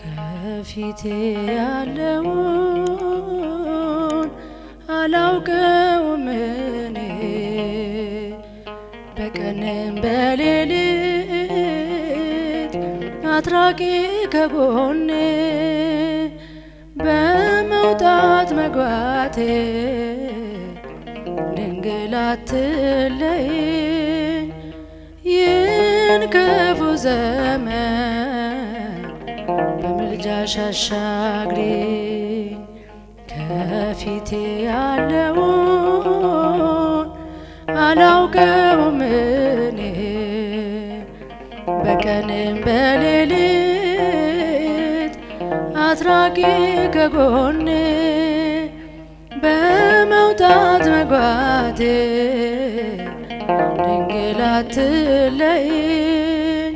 ከፊቴ ያለውን አላውቀውም እኔ በቀንም በሌሊት አትራቂ ከጎኔ በመውጣት መግባቴ ድንግል አትለይን። ይህን ክፉ ዘመን በምልጃሽ አሻግሪ ከፊቴ ያለውን አላውቀውም እኔ በቀንም በሌሊት አትራቂ ከጎኔ በመውጣት መግባቴ ድንግል አትለይኝ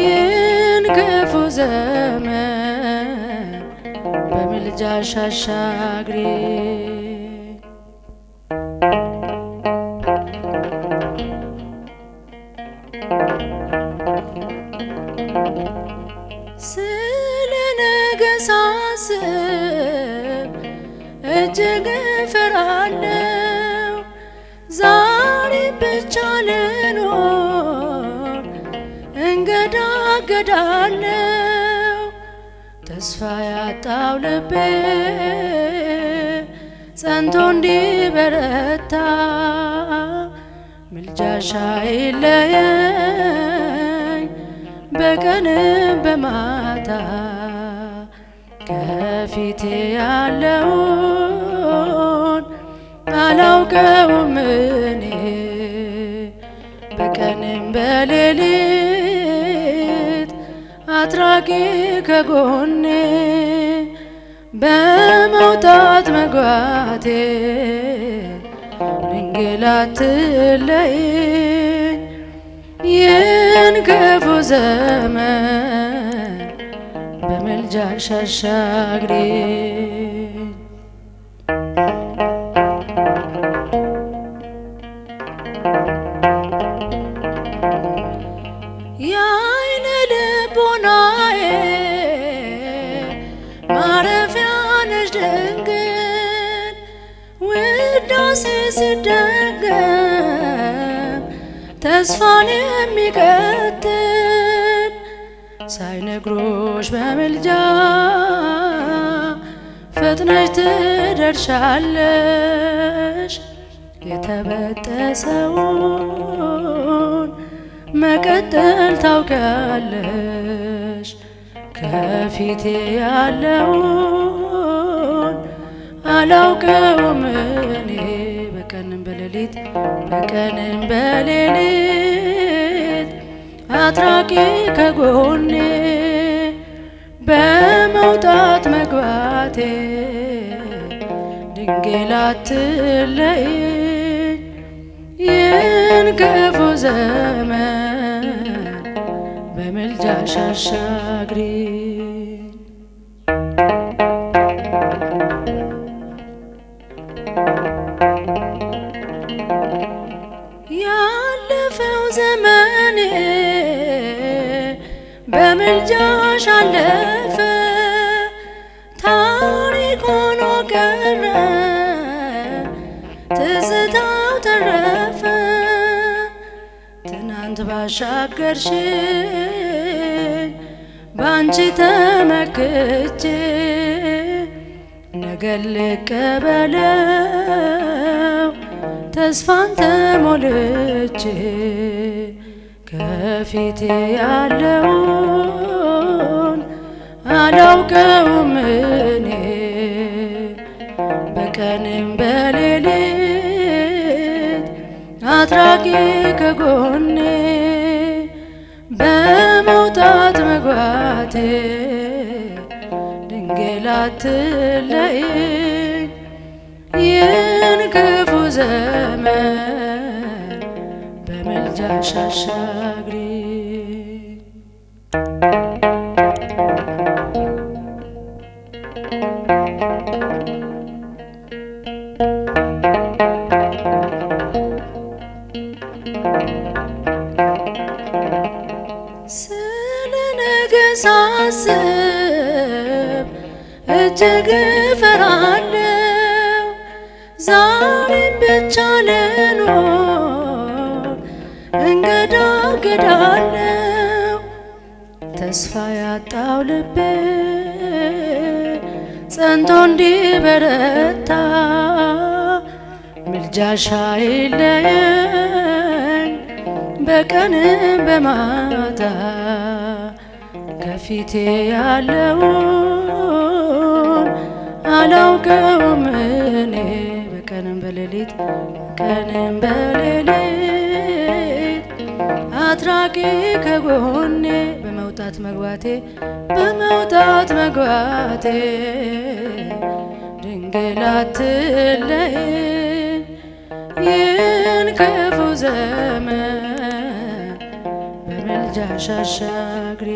ይህን ክፉ ዘመን በምልጃሽ አሻግሪ ሳስብ እጅግ ፈራለው። ዛሬ ብቻ ልኖር እንገዳገዳለው። ተስፋ ያጣው ልቤ ጸንቶ እንዲበረታ ምልጃሻ ይለየኝ በቀንም በማታ ከፊቴ ያለውን አላውቀውም እኔ በቀንም በሌሊት አትራጊ ከጎኔ በመውጣት መግባቴ ድንግል ይህን ክፉ ዘመን ምልጃሽ አሻግሪ የአይነ ልቦናዬ ማረፊያ ነሽ ድንግል ውዳሴ ስደገም ተስፋን የሚቀጥል ሳይነግሮሽ በምልጃ ፈጥነሽ ትደርሻለሽ። የተበጠሰውን መቀጠል ታውቂያለሽ። ከፊቴ ያለውን አላውቀውም እኔ በቀንም በሌሊት በቀንም በሌሊት አትራቂ ከጎኔ በመውጣት መግባቴ ድንግል አትለይ ይህን ክፉ ዘመን በምልጃሽ አሻግሪ ያለፈው ዘመን በምልጃሽ አለፈ ታሪክ ሆኖ ቀረ ትዝታው ተረፈ ትናንት ባሻገርሽን በአንቺ ተመክቼ ነገር ልቀበለው ተስፋን ተሞልቼ ከፊቴ ያለውን አላውቀውም እኔ በቀንም በሌሊት አትራቂ ከጎኔ በመውጣት መግባቴ ድንግል አትለይኝ ይህን ክፉ ዘመን በምልጃሽ አሻግሪ ساسب اجاك فرانو زارين بيتشالينو انقدا قدانو تسفى يا طاولبي سنتون دي برتا ملجا شايلين بكن بماتا ከፊቴ ያለውን አላውቀውም እኔ በቀንም በሌሊት በቀንም በሌሊት አትራቂ ከጎኔ በመውጣት መግባቴ በመውጣት መግባቴ ድንግል አትለይ ይህን ክፉ ዘመን በምልጃሽ አሻግሪ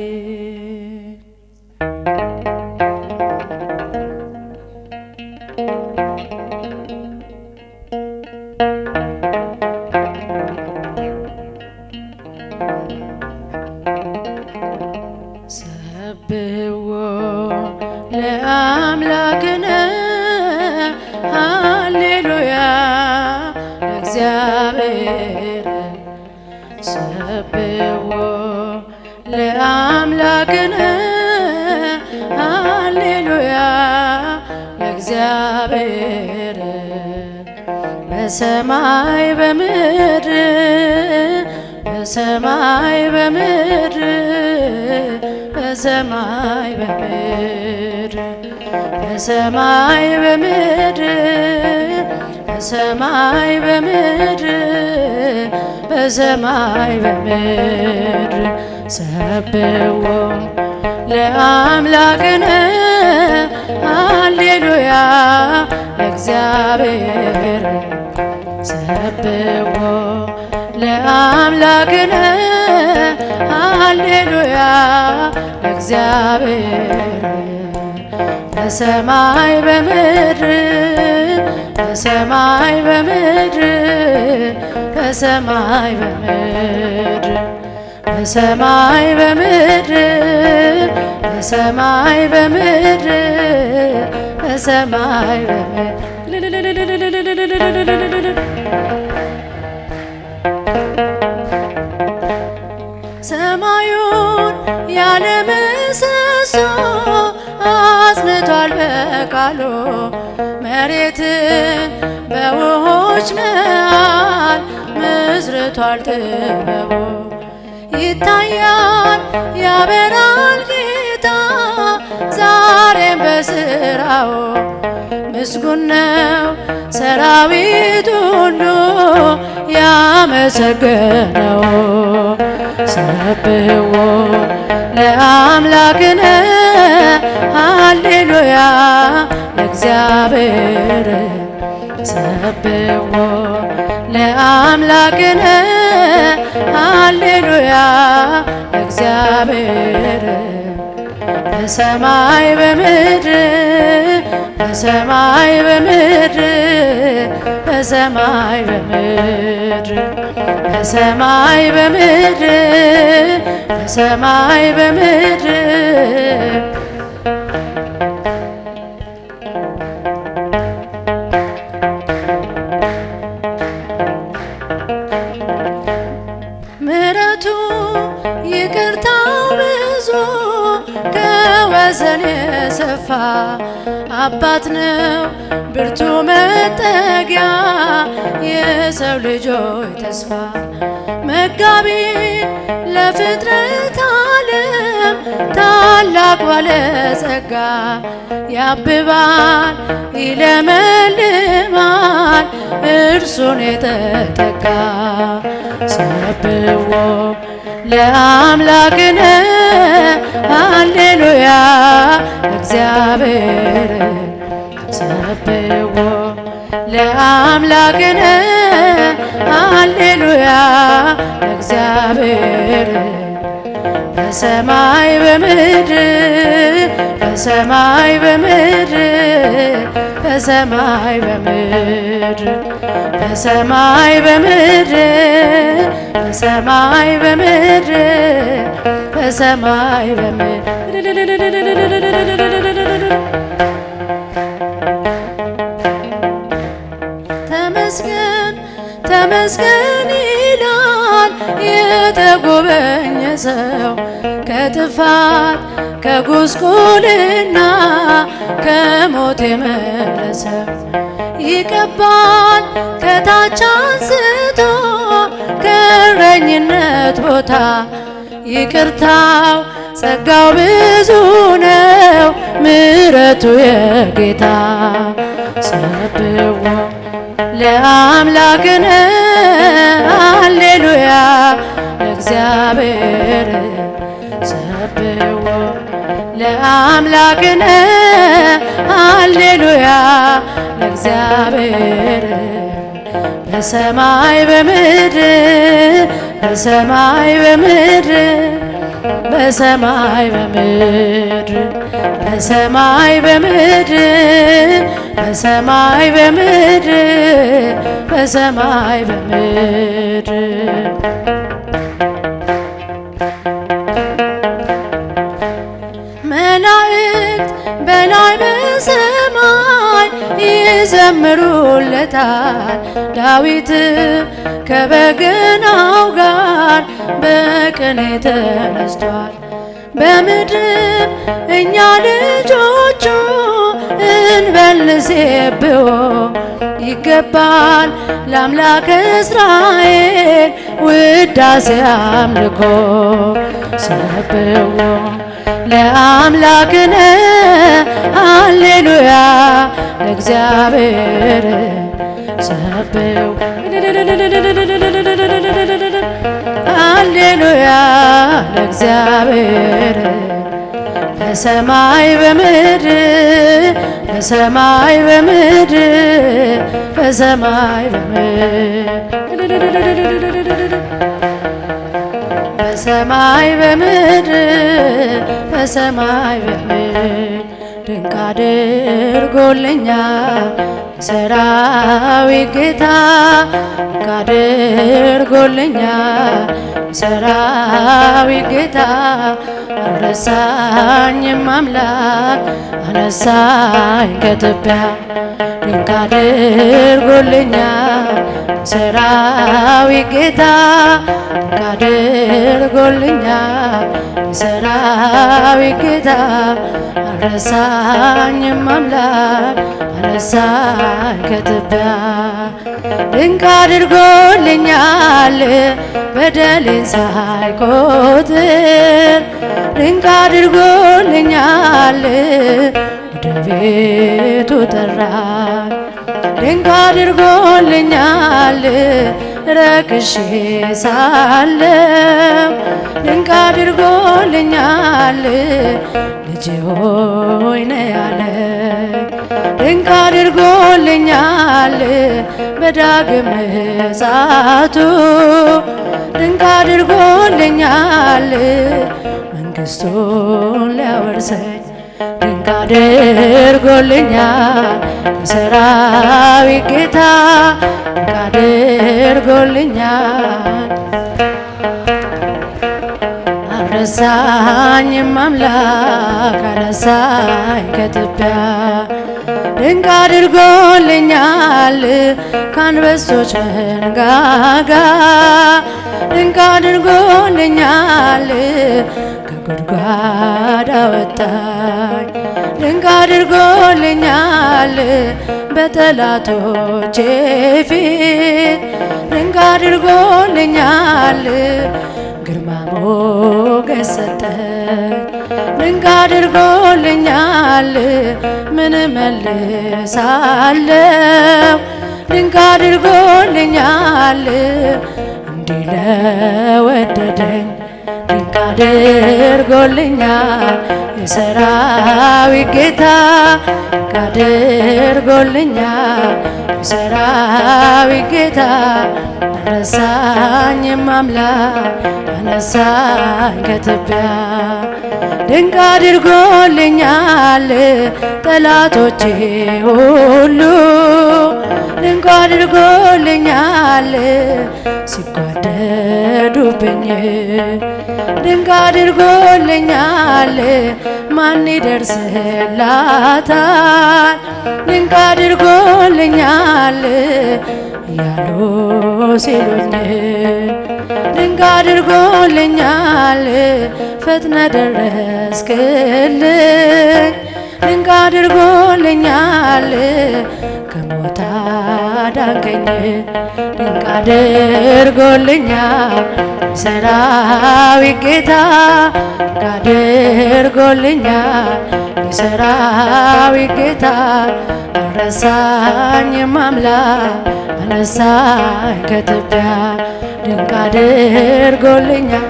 ጸብዎ ለአምላክነ ሃሌሉያ እግዚአብሔር በሰማይ በምድር በሰማይ በምድር በሰማይ በምድር በሰማይ በምድር በሰማይ በምድር በሰማይ በምድር ሰብሕዎ ለአምላክነ ሰብሕዎ ለአምላክነ በሰማይ በምድር በሰማይ በምድር በሰማይ በምድር በሰማይ በምድር በሰማይ በምድር በሰማይ በምድር ሰማዩን ያለ ምሰሶ አጽንቷል በቃሉ መሬትን በውሆች መሃል መስርቷል ጥበቡ ይታያል ያበራል ጌታ ዛሬም በስራው ምስጉን ነው ሰራዊት ሁሉ ያመሰገነው ሰብህዎ ለአምላክነ ሃሌሉያ እግዚአብሔር ሰብሖ ለአምላክነ ሃሌሉያ እግዚአብሔር በሰማይ በምድር በሰማይ በምድር በሰማይ በምድር በሰማይ በምድር በሰማይ በምድር ቱ ይቅርታው ብዙ ከወዘን የሰፋ አባት ነው ብርቱ መጠጊያ የሰው ልጆች ተስፋ መጋቢ ለፍጥረት ታላቅ ባለጸጋ ያብባል ይለመልማል እርሱን የተተካ ሰብዎ ለአምላክነ ሃሌሉያ እግዚአብሔር ሰብዎ ለአምላክነ ሃሌሉያ እግዚአብሔር በሰማይ በምድር በሰማይ በምድር በሰማይ በምድር በሰማይ በምድር በሰማይ በምድር በሰማይ በምድር ተመስገን ተመስገን የተጎበኘ ሰው ከጥፋት ከጉስቁልና ከሞት የመለሰ ይቀባል ከታች አንስቶ ከረኝነት ቦታ ይቅርታው ጸጋው ብዙ ነው ምረቱ የጌታ ሰብዋ ለአምላክን አሌሉያ ለእግዚአብሔር ሰብዎ ለአምላክን አሌሉያ ለእግዚአብሔር በሰማይ በምድር በሰማይ በምድር በሰማይ በምድር በሰማይ በምድር በሰማይ በምድር በሰማይ በምድር በላይ በሰማይ ይዘምሩለታል ዳዊትም ከበገናው ጋር በቅኔ ተነስቷል። በምድር እኛ ልጆቹ እንበልሴብዎ ይገባል ለአምላከ እስራኤል ውዳሴ አምልኮ ሰብዎ ለአምላክነ ሃሌሉያ ለእግዚአብሔር ሰበው አሌሉያ ለእግዚአብሔር በሰማይ በምድር በሰማይ በምድር በሰማይ በምድር በሰማይ በምድር በሰማይ በምድር ድንቅ አድርጎልኛል ሰራዊ ጌታ ካድርጎልኛ ሰራዊት ጌታ አነሳኝም አምላክ አነሳኝ ከኢትዮጵያ ካድርጎልኛል ሰራዊት ጌታ ካድርጎልኛል ሰራዊት ጌታ አረሳኝም አምላክ አረሳኝ ከትቢያ ድንቅ አድርጎልኛል በደሌን ሳይቆጥር ድንቅ አድርጎልኛል ወደ ቤቱ ጠራ። ድንቅ አድርጎልኛል ረክሼ ሳለው ድንቅ አድርጎልኛል ልጄ ሆይ ነይ ያለ ድንቅ አድርጎልኛል በዳግም ምጽአቱ ድንቅ አድርጎልኛል መንግስቱን ሊያወርሰኝ ድንቅ አድርጎልኛል የሰራዊት ጌታ ድንቅ አድርጎልኛል። አልረሳኝም አምላክ አነሳኝ ከትቢያ ድንቅ አድርጎልኛል ከአንበሶች መንጋጋ ድንቅ አድርጎልኛል ከጉድጓድ አወጣኝ ድንቅ አድርጎልኛል በጠላቶቼ ፊት ድንቅ አድርጎልኛል ግርማ ሞገስ ሰጠኝ ድንቅ አድርጎልኛል ምን እመልሳለሁ ድንቅ አድርጎልኛል እንዲህ ለወደደኝ አድርጎልኛል የሰራዊት ጌታ አድርጎልኛል የሰራዊት ጌታ አነሳኝም አምላክ አነሳኝ ከትቢያ ድንቅ አድርጎልኛል ጠላቶቼ ሁሉ ድንቅ አድርጎልኛል ሲጓደዱብኝ ድንቅ አድርጎልኛል፣ ማን ይደርስላታል? ድንቅ አድርጎልኛል እያሉ ሲሉኝ ድንቅ አድርጎልኛል፣ ፈጥነ ደረስክልኝ ድንቅ አድርጎልኛል Kamu tak ada nyeri, deng kader golinya diserahi kita, kader golinya diserahi kita, merasanya mambla, anesah ketidak, deng kader golinya.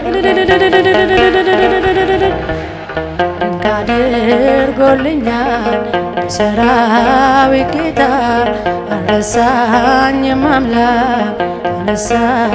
አድርጎልኛል ሰራዊት ጌታ አነሳኝ አምላክ አነሳኝ